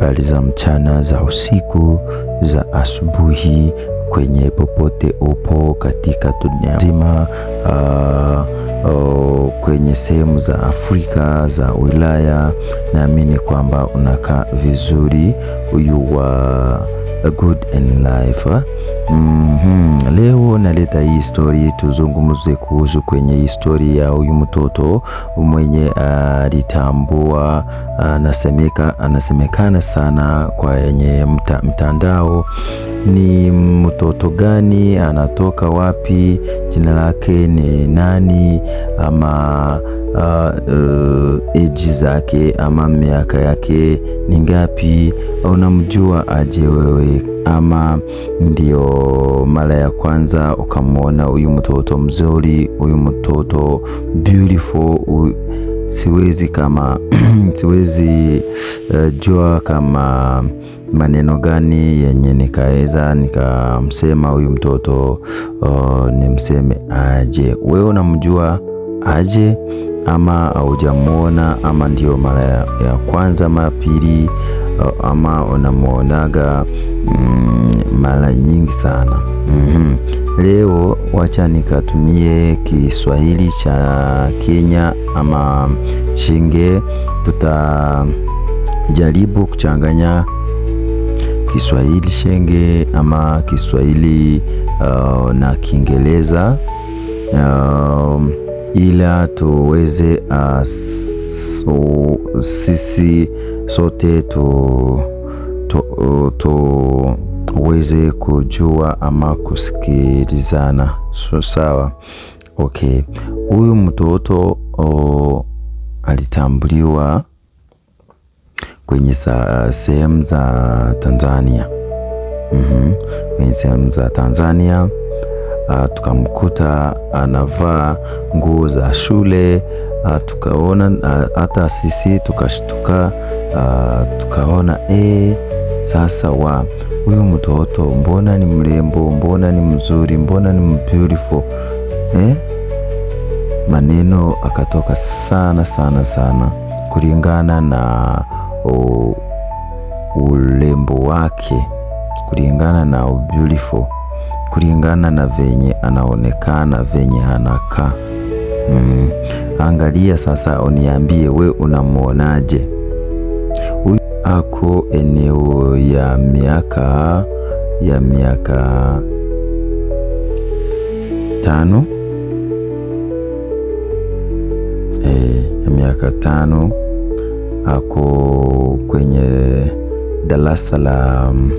habari za mchana, za usiku, za asubuhi, kwenye popote upo katika dunia nzima, uh, uh, kwenye sehemu za Afrika za wilaya, naamini kwamba unakaa vizuri huyu wa good in life. Mm -hmm. Leo naleta hii story tuzungumze kuhusu kwenye hii ya huyu mtoto mwenye ah, alitambua uh, anasemeka anasemekana sana kwenye mta, mtandao ni mtoto gani, anatoka wapi, jina lake ni nani, ama uh, uh, eji zake ama miaka yake ni ngapi? Unamjua aje wewe? Ama ndio mara ya kwanza ukamwona huyu mtoto mzuri, huyu mtoto beautiful siwezi kama siwezi uh, jua kama maneno gani yenye nikaweza nikamsema huyu mtoto uh, nimseme aje. Wewe unamjua aje ama haujamwona ama ndio mara ya kwanza mapili pili, eh, ama unamwonaga mm, mara nyingi sana mm -hmm. Leo wacha nikatumie Kiswahili cha Kenya ama Shinge. Tutajaribu kuchanganya Kiswahili Shenge ama Kiswahili uh, na Kiingereza uh, ila tuweze uh, so, sisi sote tu, tu, tu uweze kujua ama kusikilizana. So, sawa okay. Huyu mtoto oh, alitambuliwa mhm. kwenye sehemu za Tanzania mm -hmm. kwenye sehemu za Tanzania uh, tukamkuta anavaa nguo za shule uh, tukaona hata sisi tukashtuka, tukaona e, sasa wa huyu mtoto mbona ni mrembo, mbona ni mzuri, mbona ni beautiful eh? Maneno akatoka sana sana sana kulingana na ulembo urembo wake, kulingana na beautiful, kulingana na venye anaonekana, venye anakaa. Mm. Angalia sasa uniambie we unamwonaje? ako eneo ya miaka ya miaka tano e, ya miaka tano ako kwenye darasa la mm,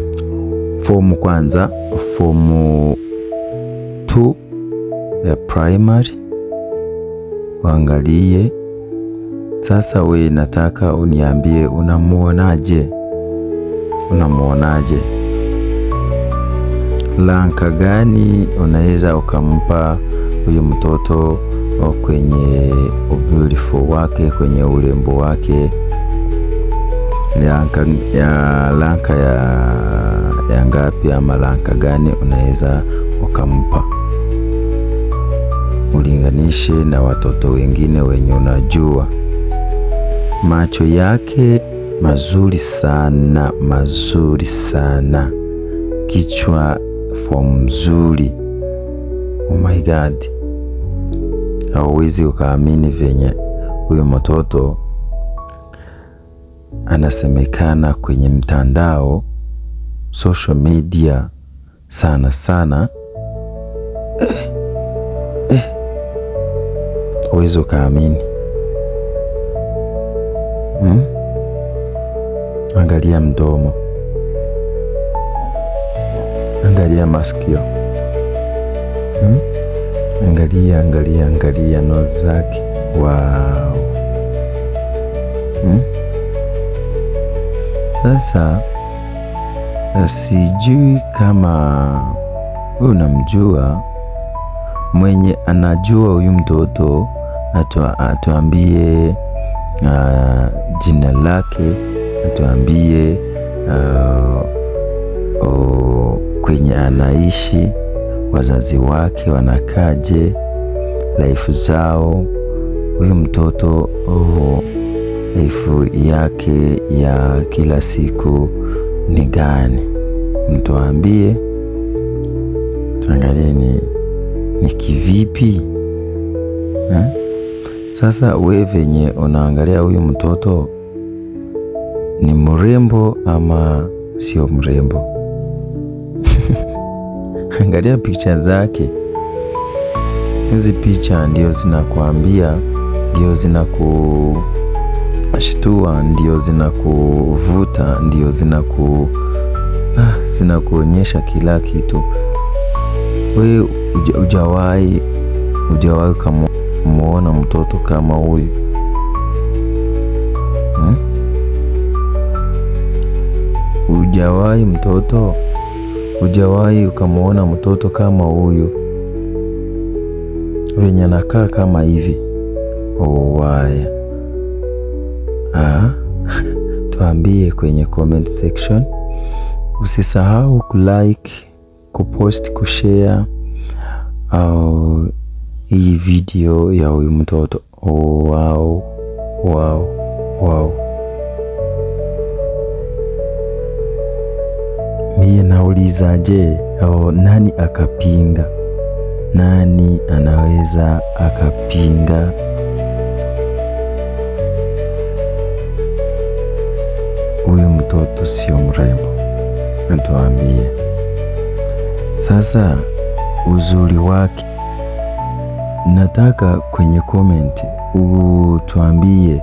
fomu kwanza, fomu two ya eh, primary, waangalie sasa we nataka uniambie unamuonaje? Unamuonaje? Lanka gani unaweza ukampa huyu mtoto oh, kwenye ubunifu wake, kwenye urembo wake? Lanka ya, lanka ya, ya ngapi ama lanka gani unaweza ukampa? Ulinganishe na watoto wengine wenye unajua macho yake mazuri sana, mazuri sana, kichwa fomu mzuri. Oh my god, hauwezi ukaamini venye huyo mtoto anasemekana kwenye mtandao social media sana sana. Eh, eh, hauwezi ukaamini hmm? Angalia mdomo, angalia masikio hmm? Angalia, angalia, angalia nose zake. Wow. Hmm? Sasa eh, sijui kama wewe unamjua mwenye anajua huyu mtoto atuambie uh, jina lake, atuambie uh, uh, kwenye anaishi, wazazi wake wanakaje, laifu zao, huyu mtoto uh, laifu yake ya kila siku ni gani? Mtuambie tuangalie ni, ni kivipi eh? Sasa we venye unaangalia huyu mtoto ni mrembo ama sio mrembo? Angalia picha zake. Hizi picha ndio zinakuambia, ndio zinakushtua, ndio zinakuvuta, ndio zinaku ah, zinakuonyesha kila kitu. We ujawahi ujawahi kama kumwona mtoto kama huyu hmm? Eh? Ujawahi mtoto, ujawahi ukamwona mtoto kama huyu venye nakaa kama hivi owaya? Oh, ah? Tuambie kwenye comment section. Usisahau kulike, kupost, kushare au hii video ya huyu mtoto wow, wow, wow. Mie nauliza je, oh, nani akapinga? Nani anaweza akapinga? Huyu mtoto sio mrembo, natuambie sasa uzuri wake Nataka kwenye comment utuambie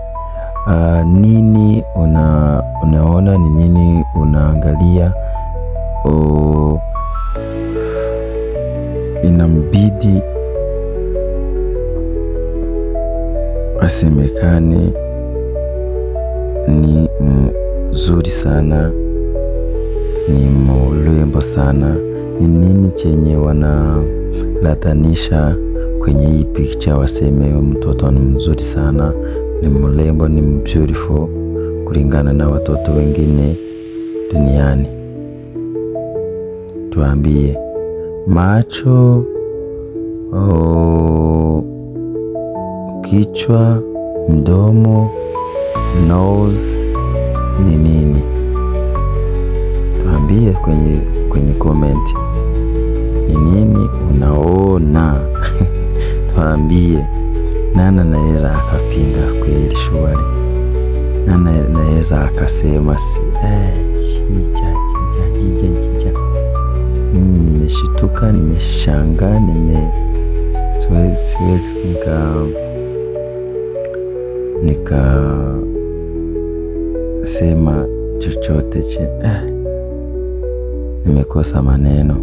uh, nini una, unaona ni nini unaangalia o, oh, inambidi asemekane ni mzuri sana, ni mrembo sana, ni nini chenye wanalatanisha kwenye hii picha waseme mtoto ni mzuri sana, ni mrembo, ni beautiful kulingana na watoto wengine duniani. Tuambie macho, oh, kichwa, mdomo, nose ni nini? Tuambie kwenye, kwenye comment ni nini unaona nipambie nani anaweza akapinga kweli shughuli, nani anaweza akasema si eh, chija chija chija. jija. Mm, nimeshituka, nimeshangaa, nime siwezi siwezi nika nika sema chochote che eh, nimekosa maneno.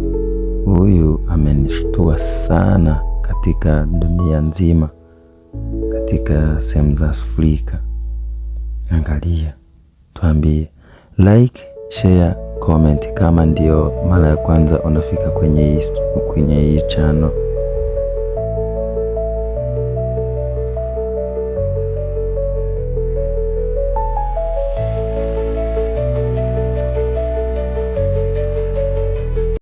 Huyu amenishtua sana katika dunia nzima, katika sehemu za Afrika. Angalia, tuambie like, share, comment kama ndio mara ya kwanza unafika kwenye hii kwenye hii channel.